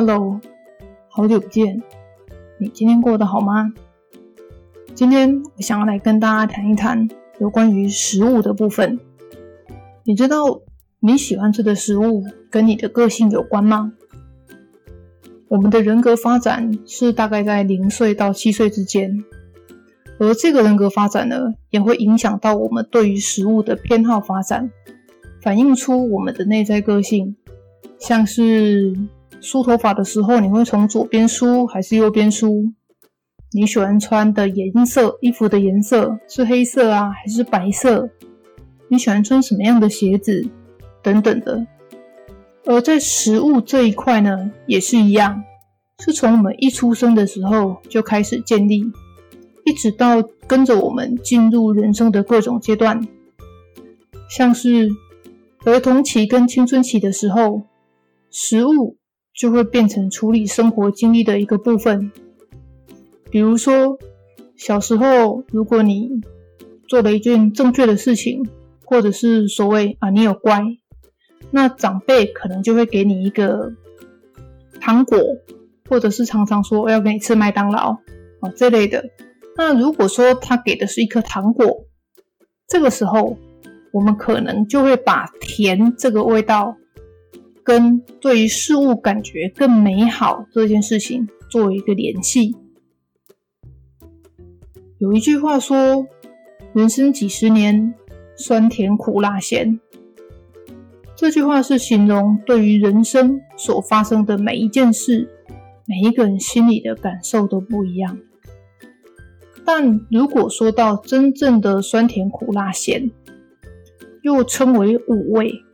Hello，好久不見，你今天過得好嗎？今天我想要來跟大家談一談有關於食物的部分。你知道你喜歡吃的食物跟你的個性有關嗎？我們的人格發展是大概在零歲到七歲之間，而這個人格發展呢，也會影響到我們對於食物的偏好發展，反映出我們的內在個性，像是。梳頭髮的時候，你會從左邊梳還是右邊梳？你喜歡穿的顏色，衣服的顏色是黑色啊還是白色？你喜歡穿什麼樣的鞋子？等等的。而在食物這一塊呢，也是一樣，是從我們一出生的時候就開始建立，一直到跟着我們進入人生的各種階段。像是兒童期跟青春期的時候，食物。就會變成處理生活經歷的一個部分。比如說，小時候如果你做了一件正確的事情，或者是所謂啊你有乖，那長輩可能就會給你一個糖果，或者是常常說我要給你吃麥當勞啊這類的。那如果說他給的是一顆糖果，這個時候我們可能就會把甜這個味道。跟對於事物感覺更美好這件事情做一個聯繫。有一句話說：“人生幾十年，酸甜苦辣鹹。”這句話是形容對於人生所發生的每一件事，每一個人心裡的感受都不一樣。但如果說到真正的酸甜苦辣鹹，又稱為五味。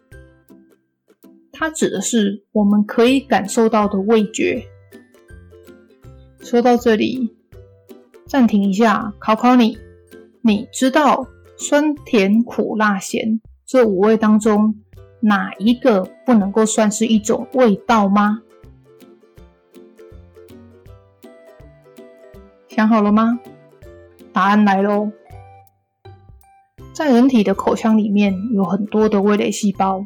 它指的是我們可以感受到的味覺。說到這裡，暫停一下，考考你：你知道酸甜苦辣鹹這五味當中，哪一個不能夠算是一種味道嗎？想好了嗎？答案來咯。在人體的口腔裡面，有很多的味蕾細胞。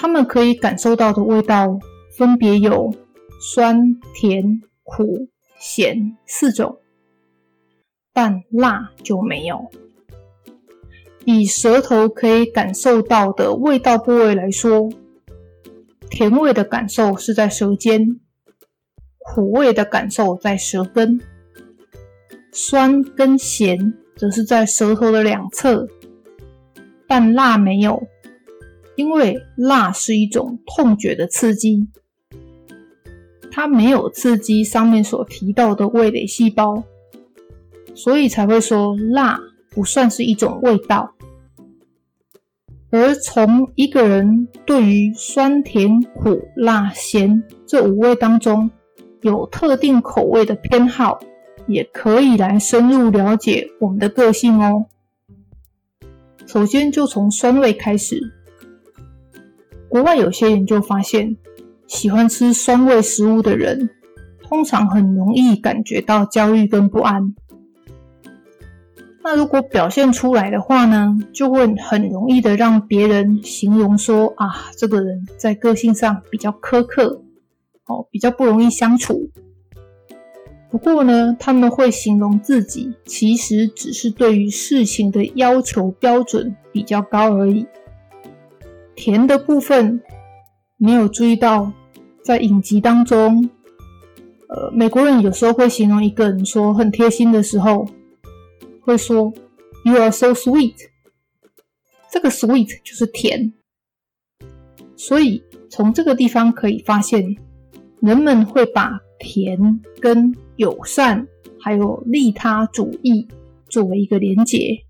他們可以感受到的味道分別有酸、甜、苦、鹹四種，但辣就沒有。以舌頭可以感受到的味道部位來說，甜味的感受是在舌尖，苦味的感受在舌根，酸跟鹹則是在舌頭的兩側，但辣沒有。因為辣是一種痛覺的刺激，它沒有刺激上面所提到的味蕾細胞，所以才會說辣不算是一種味道。而從一個人對於酸、甜、苦、辣、鹹這五味當中有特定口味的偏好，也可以來深入了解我們的個性哦。首先就從酸味開始。國外有些研究發現，喜歡吃酸味食物的人，通常很容易感覺到焦慮跟不安。那如果表現出來的話呢，就會很容易的讓別人形容說：“啊，這個人在個性上比較苛刻，哦，比較不容易相處。”不過呢，他們會形容自己其實只是對於事情的要求標準比較高而已。甜的部分，你有注意到，在影集當中，呃，美國人有時候會形容一個人說很貼心的時候，會說 “You are so sweet”，這個 “sweet” 就是甜。所以從這個地方可以發現，人們會把甜跟友善還有利他主義作為一個連結，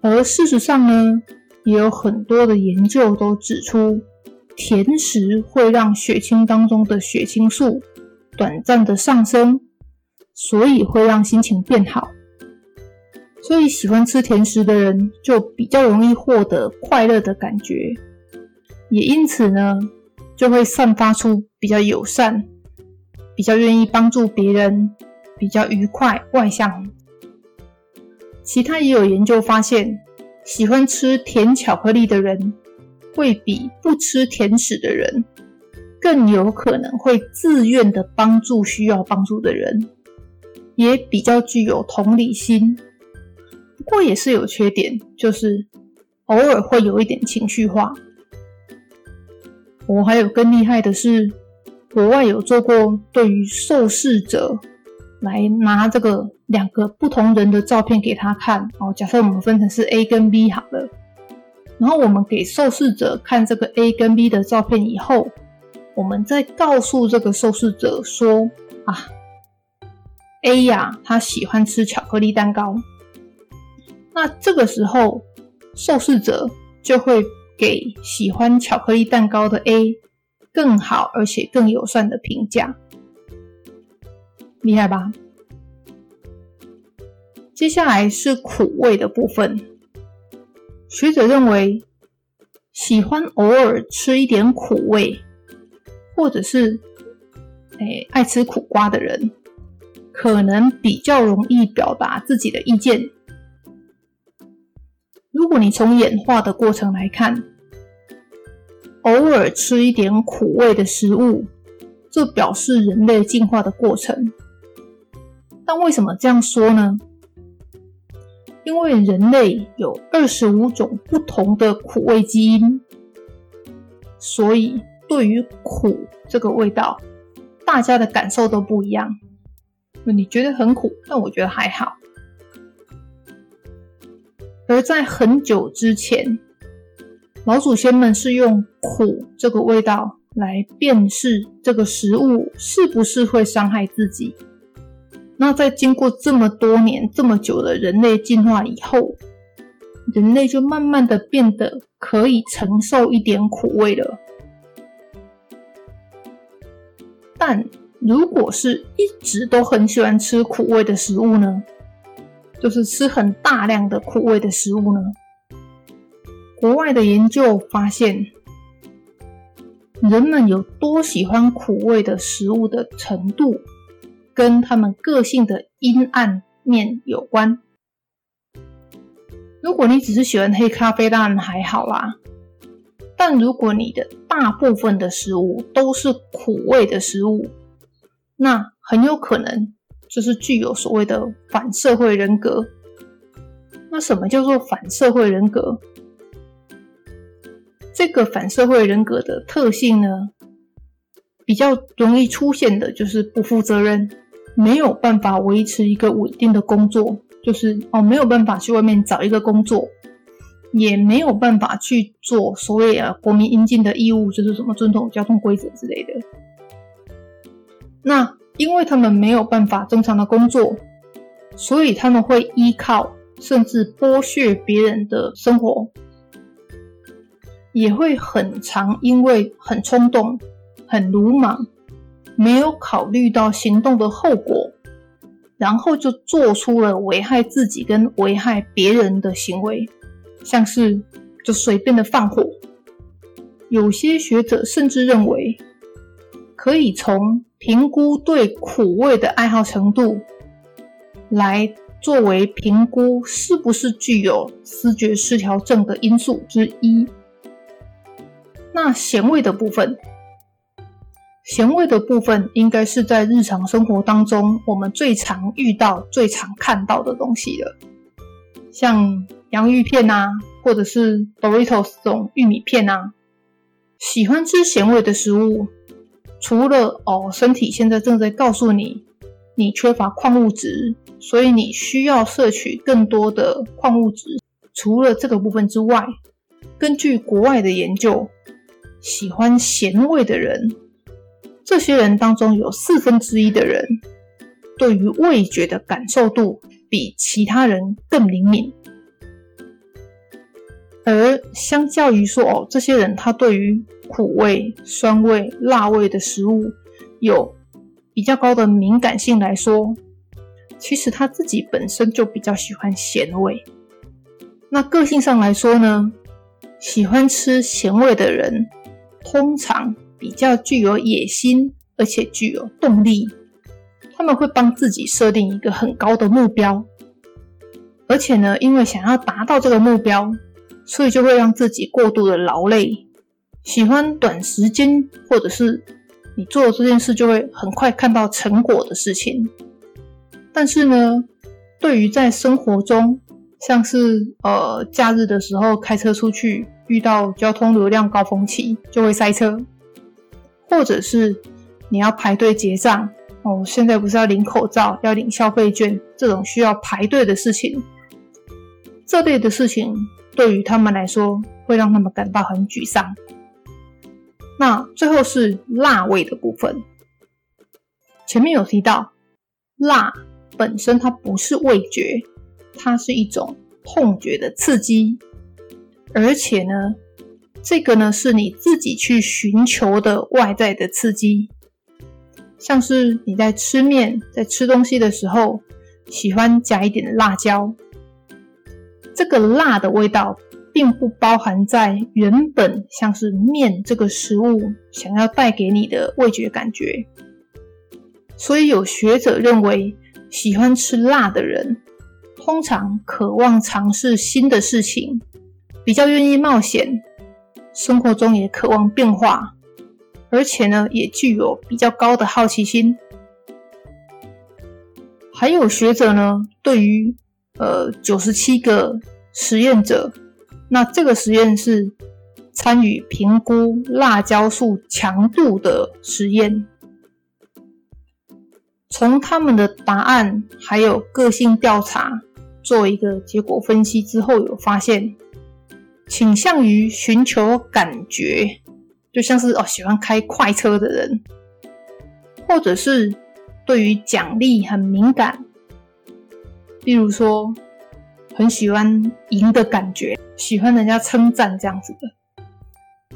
而事實上呢，也有很多的研究都指出，甜食會讓血清當中的血清素短暫的上升，所以會讓心情變好。所以喜歡吃甜食的人就比較容易獲得快樂的感覺，也因此呢，就會散發出比較友善、比較願意幫助別人、比較愉快、外向。其他也有研究發現。喜歡吃甜巧克力的人，會比不吃甜食的人，更有可能會自願地幫助需要幫助的人，也比較具有同理心。不過也是有缺點，就是偶爾會有一點情緒化。我還有更厲害的是，國外有做過對於受試者。來拿這個兩個不同人的照片給他看，哦，假設我們分成是 A 跟 B 好了，然後我們給受試者看這個 A 跟 B 的照片以後，我們再告訴這個受試者說啊，A 呀，他喜歡吃巧克力蛋糕，那這個時候受試者就會給喜歡巧克力蛋糕的 A 更好而且更友善的評價。厲害吧？接下來是苦味的部分。學者認為，喜歡偶爾吃一點苦味，或者是誒、欸、愛吃苦瓜的人，可能比較容易表達自己的意見。如果你從演化的過程來看，偶爾吃一點苦味的食物，就表示人類進化的過程。但為什麼這樣說呢？因為人類有二十五種不同的苦味基因，所以對於苦這個味道，大家的感受都不一樣。你覺得很苦，但我覺得還好。而在很久之前，老祖先們是用苦這個味道來辨識這個食物是不是會傷害自己。那在經過這麼多年這麼久的人類進化以後，人類就慢慢的變得可以承受一點苦味了。但如果是一直都很喜歡吃苦味的食物呢？就是吃很大量的苦味的食物呢？國外的研究發現，人們有多喜歡苦味的食物的程度，跟他們個性的陰暗面有關。如果你只是喜歡黑咖啡，當然還好啦。但如果你的大部分的食物都是苦味的食物，那很有可能就是具有所謂的反社會人格。那什麼叫做反社會人格？這個反社會人格的特性呢，比較容易出現的就是不負責任。沒有辦法維持一個穩定的工作，就是哦，沒有辦法去外面找一個工作，也沒有辦法去做所謂啊，國民應盡的義務，就是什麼尊重交通規則之類的。那因為他們沒有辦法正常的工作，所以他們會依靠甚至剝削別人的生活，也會很常因為很衝動、很魯莽，沒有考慮到行動的後果，然後就做出了危害自己跟危害別人的行為，像是就隨便的放火。有些學者甚至認為，可以從評估對苦味的愛好程度，來作為評估是不是具有思覺失調症的因素之一。那鹹味的部分。鹹味的部分應該是在日常生活當中我們最常遇到、最常看到的東西了，像洋芋片啊，或者是 Doritos 這種玉米片啊。喜歡吃鹹味的食物，除了哦，身體現在正在告訴你你缺乏礦物質，所以你需要攝取更多的礦物質。除了這個部分之外，根據國外的研究，喜歡鹹味的人，這些人當中有四分之一的人，對於味覺的感受度比其他人更靈敏。而相較於說，哦，這些人他對於苦味、酸味、辣味的食物有比較高的敏感性來說，其實他自己本身就比較喜歡鹹味。那個性上來說呢，喜歡吃鹹味的人通常。比較具有野心，而且具有動力，他們會幫自己設定一個很高的目標，而且呢，因為想要達到這個目標，所以就會讓自己過度的勞累，喜歡短時間或者是你做這件事就會很快看到成果的事情。但是呢，對於在生活中，像是呃假日的時候開車出去，遇到交通流量高峰期，就會塞車。或者是你要排隊結賬哦，現在不是要領口罩，要領消費券，這種需要排隊的事情，這類的事情對於他們來說，會讓他們感到很沮喪。那最後是辣味的部分，前面有提到，辣本身它不是味覺，它是一種痛覺的刺激，而且呢。這個呢是你自己去尋求的外在的刺激，像是你在吃麵、在吃東西的時候，喜歡加一點辣椒。這個辣的味道並不包含在原本像是麵這個食物想要帶給你的味覺感覺。所以有學者認為，喜歡吃辣的人通常渴望嘗試新的事情，比較願意冒險。生活中也渴望變化，而且呢，也具有比較高的好奇心。還有學者呢，對於呃九十七個實驗者，那這個實驗是參與評估辣椒素強度的實驗。從他們的答案還有個性調查做一個結果分析之後有發現，傾向於尋求感覺，就像是哦喜歡開快車的人，或者是對於獎勵很敏感，例如說很喜歡贏的感覺，喜歡人家稱讚這樣子的。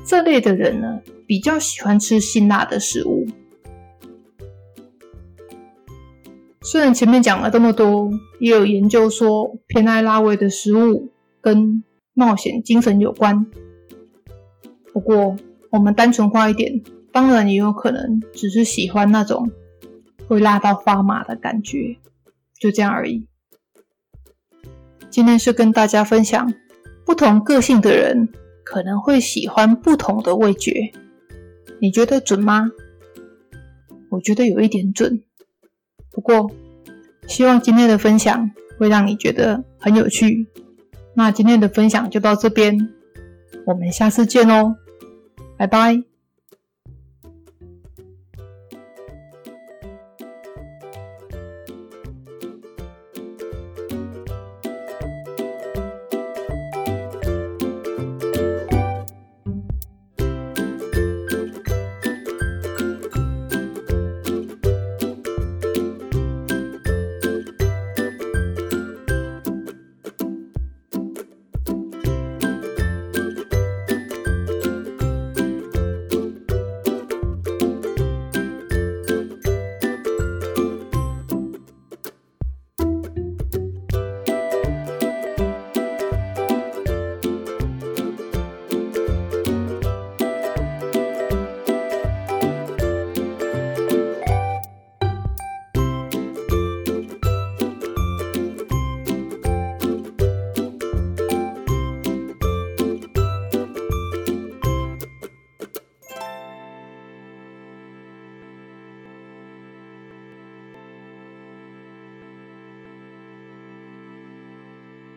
這類的人呢，比較喜歡吃辛辣的食物。雖然前面講了這麼多，也有研究說偏愛辣味的食物跟。冒險精神有關。不過，我們單純化一點，當然也有可能只是喜歡那種會辣到發麻的感覺，就這樣而已。今天是跟大家分享，不同個性的人可能會喜歡不同的味覺，你覺得準嗎？我覺得有一點準。不過，希望今天的分享會讓你覺得很有趣。那今天的分享就到這邊，我們下次見囉，拜拜。